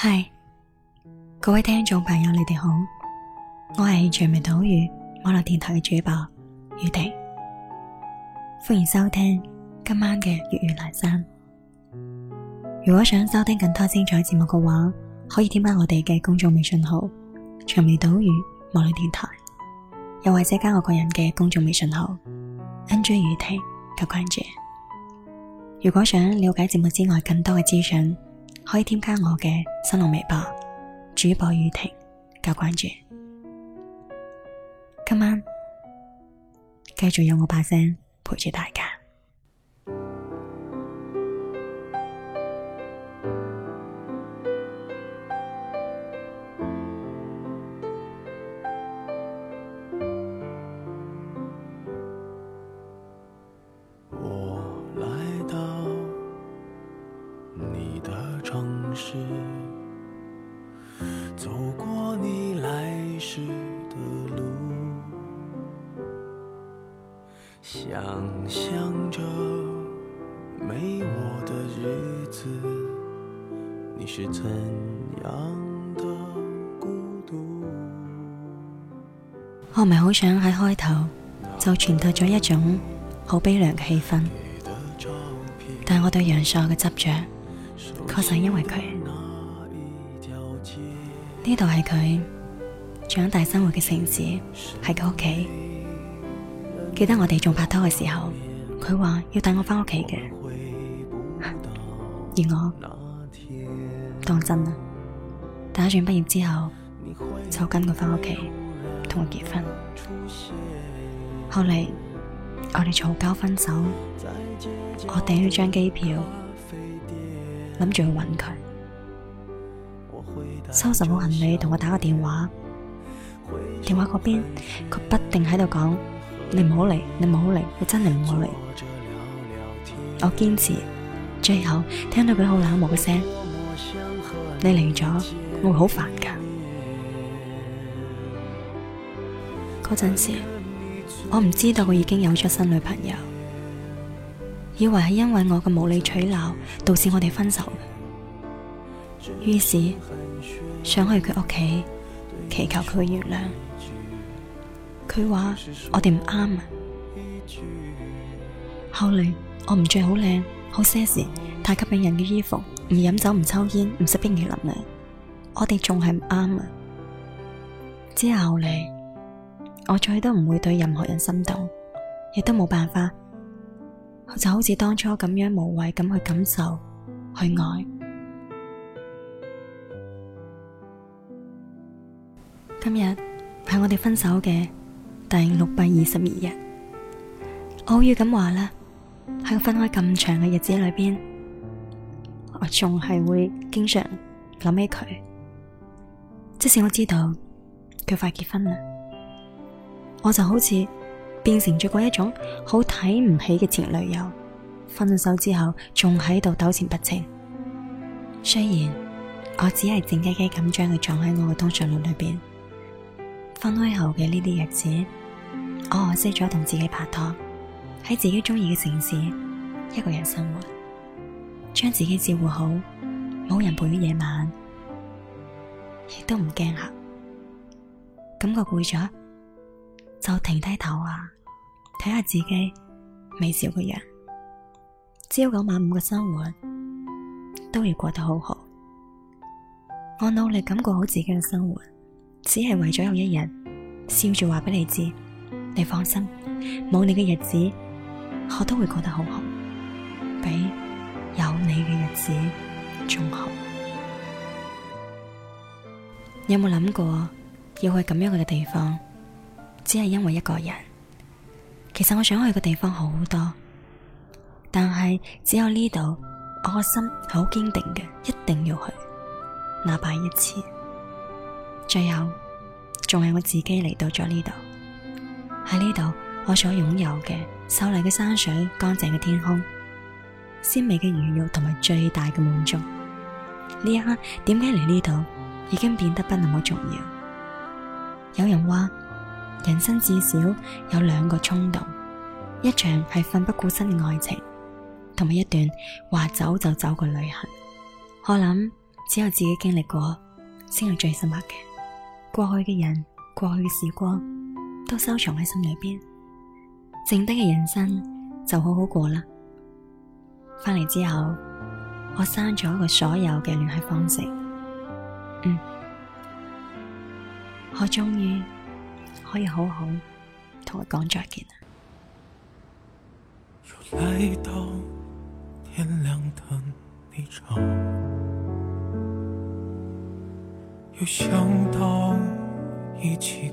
嗨，各位聽眾朋友，你哋好，我係長尾島語網絡電台嘅主播雨婷，歡迎收聽今晚嘅粵語欄山。如果想收聽更多精彩節目嘅話，可以添加我哋嘅公眾微信號長尾島語網絡電台，又或者加我個人嘅公眾微信號 nj 雨婷，求關注。如果想了解節目之外更多嘅資訊。可以添加我嘅新浪微博，主播雨婷加關注，今晚繼續用我把聲陪住大家。想着，沒我的日子，你是怎樣的孤獨？我唔係好想喺開頭就傳達咗一種好悲涼嘅氣氛，但係我對陽朔嘅執着，確實係因為佢。呢度係佢長大生活嘅城市，係佢屋企。記得我哋仲拍拖嘅時候，佢話要帶我返屋企嘅，而我當真啦，打算畢業之後就跟佢返屋企，同佢結婚。後嚟我哋嘈交分手，我訂咗張機票，諗住去搵佢，收拾好行李同佢打個電話，電話嗰邊佢不停喺度講。你唔好嚟，你唔好嚟，你真係唔好嚟。我堅持，最後聽到佢好冷漠嘅聲，你嚟咗，我會好煩噶。嗰陣時，我唔知道佢已經有咗新女朋友，以為係因為我嘅無理取鬧導致我哋分手。於是想去佢屋企祈求佢嘅原諒。佢話我哋唔啱啊！後嚟我唔着好靚、好 sexy、太吸引人嘅衣服，唔飲酒、唔抽煙、唔食冰淇淋啊。我哋仲係唔啱啊！之後嚟我再都唔會對任何人心動，亦都冇辦法，我就好似當初咁樣無畏咁去感受、去愛。今日係我哋分手嘅第六百二十二日，我好瘀咁話啦。喺分開咁長嘅日子裏邊，我仲係會經常諗起佢。即使我知道佢快結婚啦，我就好似變成咗嗰一種好睇唔起嘅前女友。分咗手之後，仲喺度糾纏不清。雖然我只係靜雞雞咁將佢藏喺我嘅通訊錄裏邊，分開後嘅呢啲日子。我學識咗同自己拍拖，喺自己中意嘅城市，一個人生活，將自己照顧好，冇人陪嘅夜晚，亦都唔驚黑。感覺攰咗，就停低頭啊，睇下自己微笑嘅樣。朝九晚五嘅生活都要過得好好。我努力咁過好自己嘅生活，只係為咗有一日，笑住話俾你知。你放心，冇你嘅日子，我都會過得好好，比有你嘅日子仲好。有冇諗過要去咁樣嘅地方？只係因為一個人。其實我想去嘅地方好多，但係只有呢度，我個心好堅定嘅，一定要去，哪怕一次。最後，仲係我自己嚟到咗呢度。喺呢度，我所擁有嘅秀麗嘅山水、乾淨嘅天空、鮮美嘅魚肉同埋最大嘅滿足，呢一刻點解嚟呢度已經變得不那麼重要。有人話，人生至少有兩個衝動，一場係奮不顧身嘅愛情，同埋一段話走就走嘅旅行。我諗只有自己經歷過先係最深刻嘅，過去嘅人，過去嘅時光。都收藏喺心裏邊，剩低嘅人生就好好過啦。翻嚟之後，我刪咗佢所有嘅聯繫方式。嗯，我終於可以好好同佢講再見。又來到天亮的，又想到一起